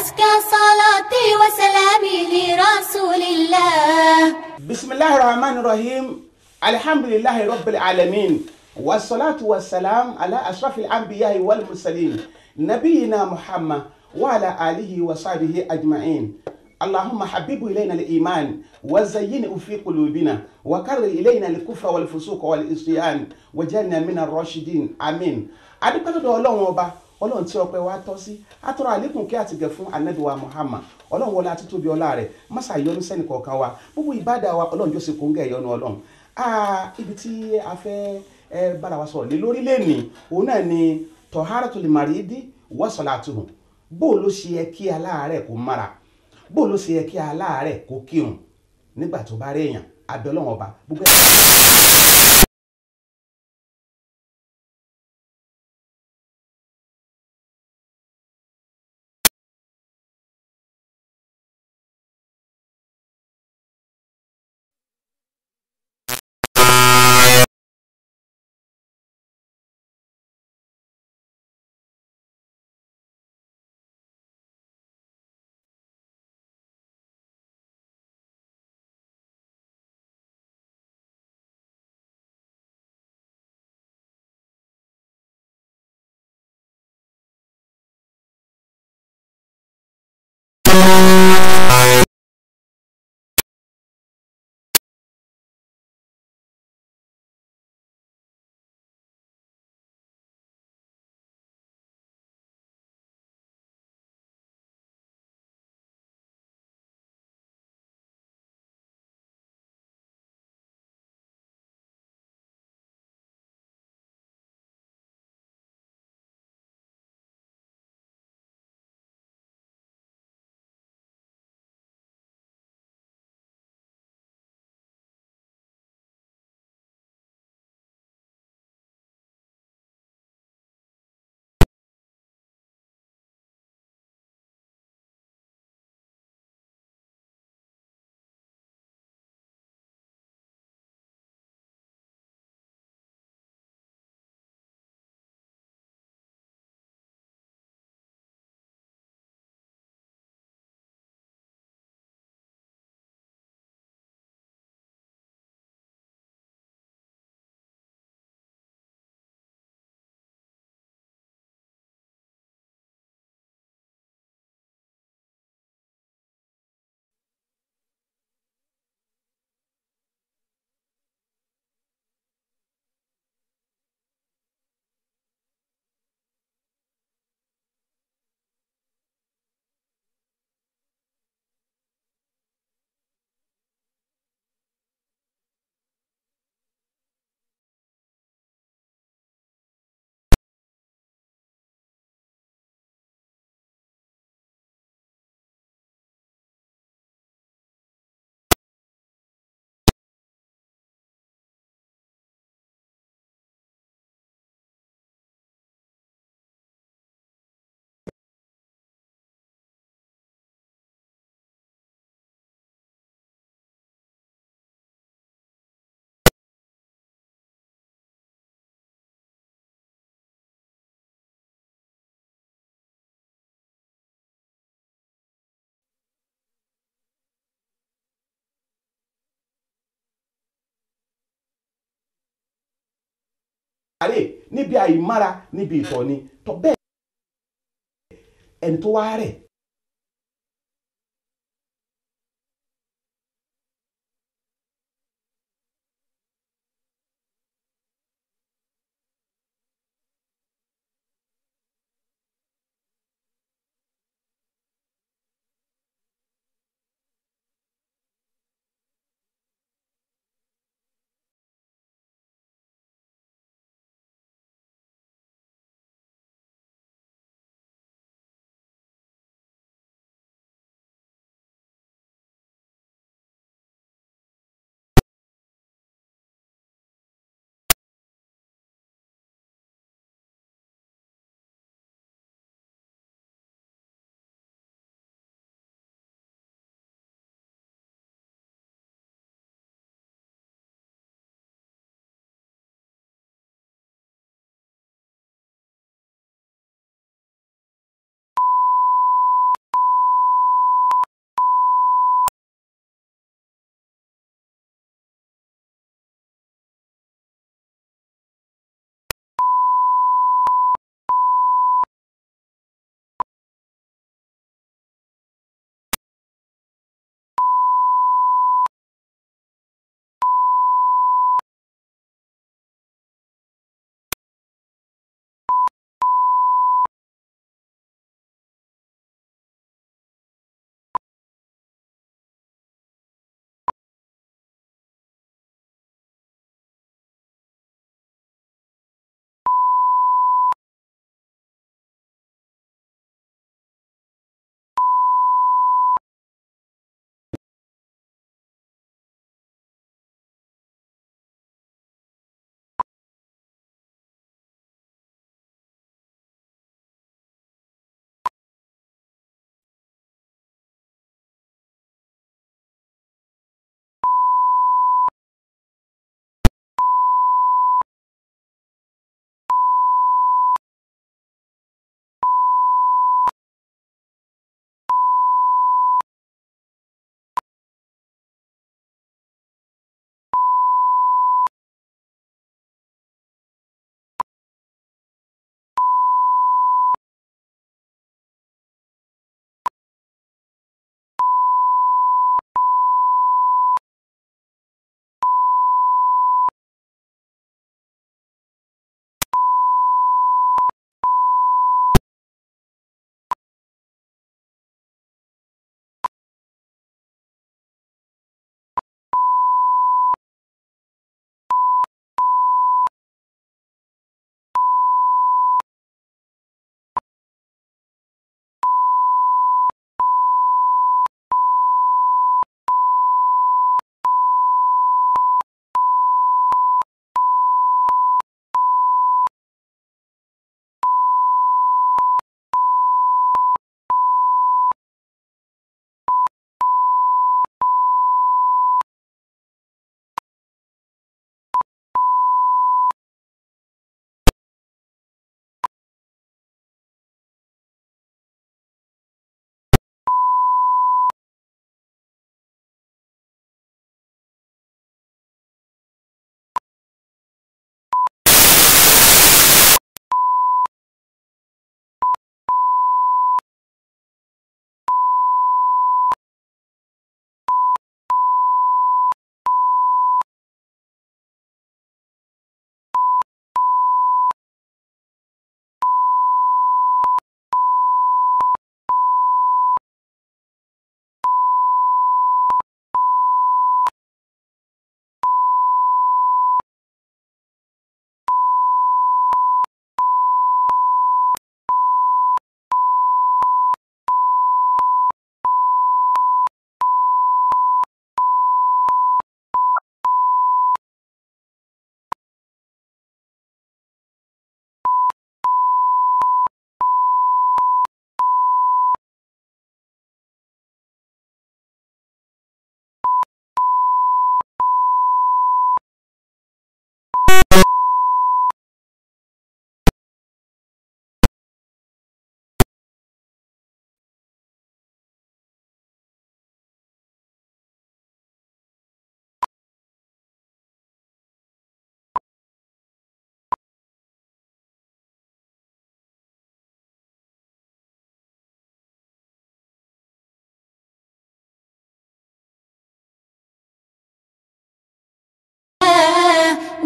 أزكى صلاتي وسلامي لرسول الله بسم الله الرحمن الرحيم الحمد لله رب العالمين والصلاة والسلام على أشرف الأنبياء والمرسلين نبينا محمد وعلى آله وصحبه أجمعين اللهم حبب إلينا الإيمان وزين في قلوبنا وكرر إلينا الكفر والفسوق والعصيان وجعلنا من الراشدين آمين أدوكاتو دولون وبا ọlọ́run tí ọpẹ́ wa tọ́ sí atọ́ra àlékún kí àtìgẹ̀ fún ànábì wa Muhammad ọlọ́run wọlé àtútóbi ọlá rẹ̀ mọ́sá ìyọnu sẹ́ni kọ̀ọ̀kan wa gbogbo ìbádà wa ọlọ́run jọ́sìn kóńgẹ̀ ìyọnu ọlọ́run ibi tí a fẹ́ bára wa sọ̀rọ̀ lé lórí lẹ́ni òun náà ni tọ̀hárọ̀tòlì màrídì wọ́sọ̀làtùhùn bó ló ṣe yẹ kí aláàárẹ̀ kó mara bó ló ṣe yẹ kí aláàárẹ̀ kó kírun nígbà tó bá rẹ̀ èèyàn abẹ́ ọlọ́run ọba gbogbo ẹ̀ àárẹ̀ níbi àìmára níbi ìtọ̀ ni tọ́ bẹ́ẹ̀ ẹni tó wá rẹ̀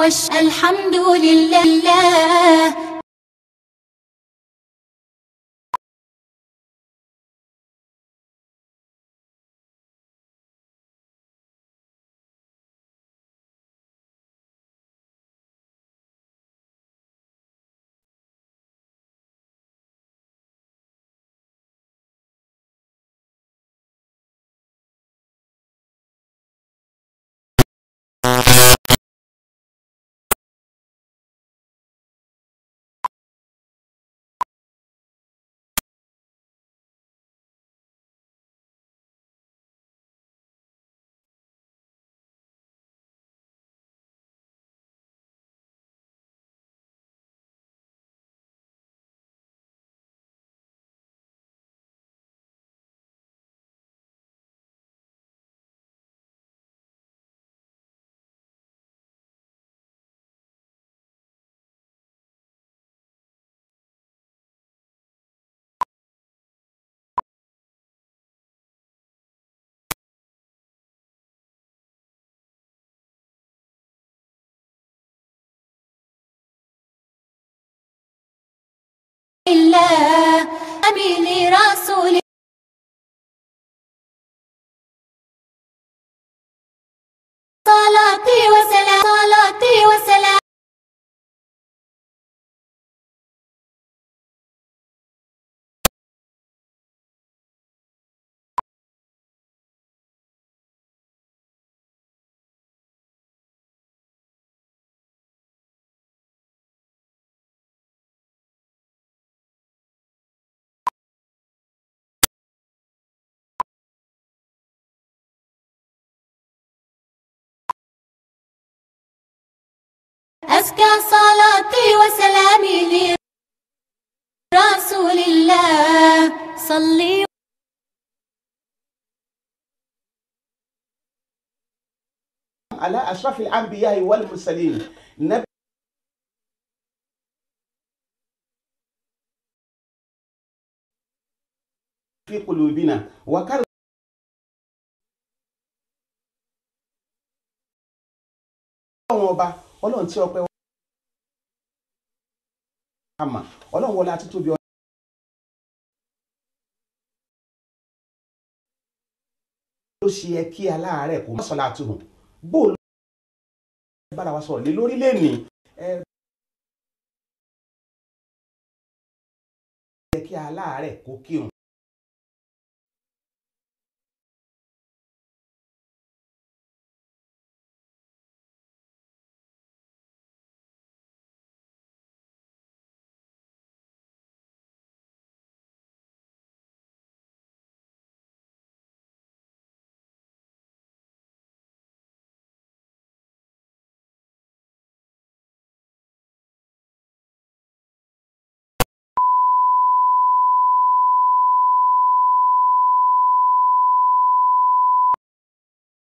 وش الحمد لله الله أبي لرسول أزكى صلاتي وسلامي لرسول الله صلي على أشرف الأنبياء والمرسلين نبي في قلوبنا وكان ọlọ́run tí ọpẹ́ wọn. àmà ọlọ́run wọlé atítóbi ọlọ́run. ló ṣe yẹ kí aláàárẹ̀ kó má sọ̀lá àtúhùn bó ló ń bára wa sọ̀rọ̀ lé lórí lẹ́nìí. yẹ kí aláàárẹ̀ kó kírun.